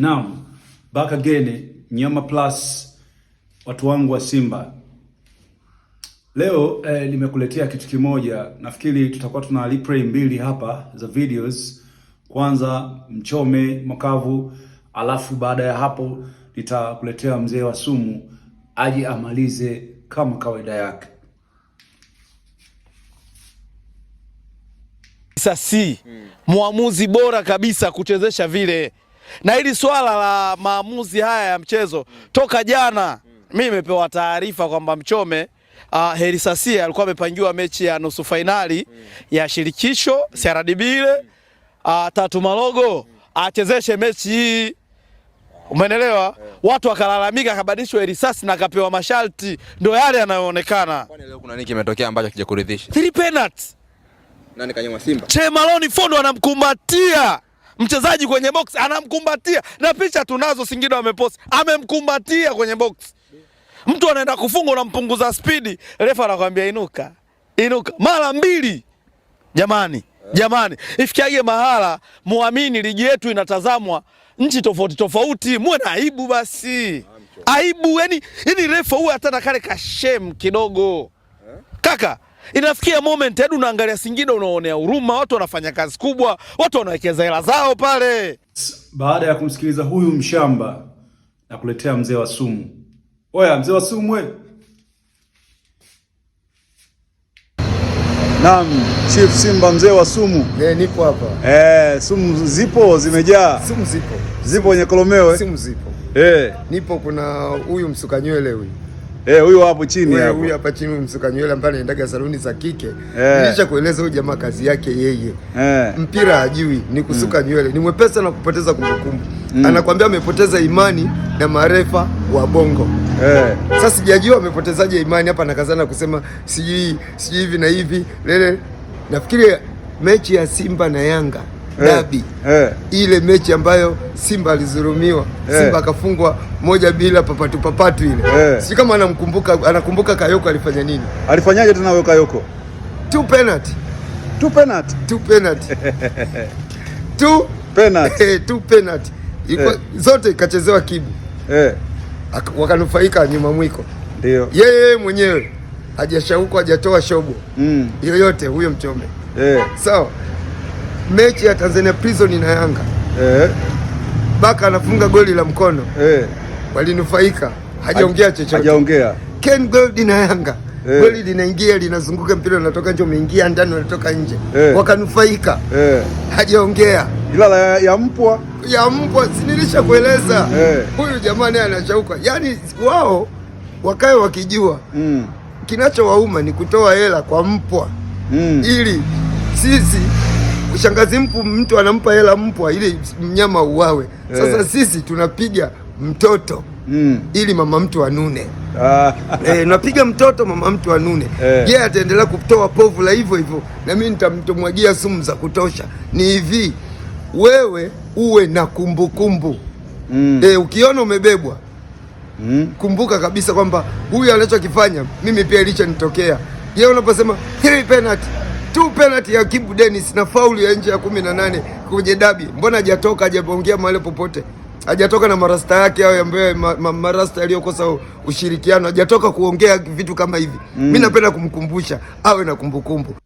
Now, back again Nyama Plus, watu wangu wa Simba. Leo eh, nimekuletea kitu kimoja. Nafikiri tutakuwa tuna replay mbili hapa za videos. Kwanza mchome makavu, alafu baada ya hapo nitakuletea mzee wa sumu aje amalize kama kawaida yake. Sasa si muamuzi hmm. bora kabisa kuchezesha vile na hili swala la maamuzi haya ya mchezo toka jana, mimi nimepewa taarifa kwamba Mchome Uh, ah, Heri Sasia alikuwa amepangiwa mechi ya nusu fainali mm. ya shirikisho mm. CRDB ile uh, ah, Tatu Malogo mm. achezeshe mechi hii, umeelewa yeah. Watu wakalalamika akabadilishwa Heri Sasi na akapewa masharti, ndio yale yanayoonekana. Kwani leo kuna nini kimetokea ambacho kijakuridhisha? Three penalty. Nani kanyoma Simba? Che Fondo anamkumbatia mchezaji kwenye box anamkumbatia, na picha tunazo, Singida wamepost, amemkumbatia kwenye box. Mtu anaenda kufunga, unampunguza spidi, refa anakwambia inuka, inuka mara mbili. Jamani, jamani, ifikiage mahala muamini ligi yetu inatazamwa nchi tofauti tofauti, muwe na aibu basi, aibu. Yani yani refa huwe hata na kale kashem kidogo kaka inafikia moment hadi unaangalia Singida unaonea huruma, watu wanafanya kazi kubwa, watu wanawekeza hela zao pale. Baada ya kumsikiliza huyu mshamba na kuletea mzee wa sumu, oya mzee wa sumu we. Naam, Chief Simba mzee wa sumu. Eh, nipo hapa. Eh, sumu zipo zimejaa. Sumu zipo. Zipo kwenye kolomeo eh? Sumu zipo. Eh. Nipo kuna huyu msuka nywele huyu Eh, huyo hapo chini hapo. Huyo hapa chini msuka nywele ambaye anaendaga saluni za kike. Eh. Nilisha kueleza huyu jamaa kazi yake yeye. Eh. Mpira hajui ni kusuka mm. nywele. Ni mwepesa na kupoteza kumbukumbu. Mm. Anakwambia amepoteza imani na marefa wa Bongo. Eh. Sasa sijajua amepotezaje imani hapa nakazana kusema sijui sijui hivi na hivi. Lele. Nafikiri mechi ya Simba na Yanga Eh, dabi hey, eh. Ile mechi ambayo Simba alizulumiwa hey. Eh. Simba akafungwa moja bila papatu papatu ile hey. Si kama anamkumbuka, anakumbuka Kayoko alifanya nini, alifanyaje tena huyo Kayoko? Two penalty. Two penalty. Two penalty. Two penalty. Two penalty. Hey. Zote ikachezewa Kibu hey. Wakanufaika nyuma mwiko ndio yeye mwenyewe hajashauku hajatoa shobo mm. yoyote huyo mchome yeah. Sawa so, mechi ya Tanzania Prison na Yanga eh, Baka anafunga goli la mkono eh, walinufaika, hajaongea chochote, hajaongea. Ken Gold na Yanga eh, goli linaingia linazunguka, mpira unatoka nje, umeingia ndani, unatoka nje eh, wakanufaika eh, hajaongea ila la ya mpwa ya mpwa, kueleza eh, huyu jamani anashauka, yaani wao wakae wakijua mm. Kinachowauma ni kutoa hela kwa mpwa mm. ili sisi Shangazi mpu mtu anampa hela mpwa ili mnyama uwawe. Eh. Sasa Sisi tunapiga mtoto mm. ili mama mtu anune ah. E, napiga mtoto mama mtu anune eh. yeye ataendelea kutoa povu la hivyo hivyo, na mimi nitamtomwagia sumu za kutosha. Ni hivi, wewe uwe na kumbukumbu mm. E, ukiona umebebwa mm. kumbuka kabisa kwamba huyu anachokifanya mimi pia ilichonitokea. Yeye unaposema hii penalty tu penalty ya Kibu Dennis na faulu ya nje ya kumi na nane kwenye dabi. Mbona hajatoka hajaongea mahali popote? Hajatoka na marasta yake au ambaye ma, ma, marasta aliyokosa ushirikiano hajatoka kuongea vitu kama hivi mm. Mimi napenda kumkumbusha awe na kumbukumbu.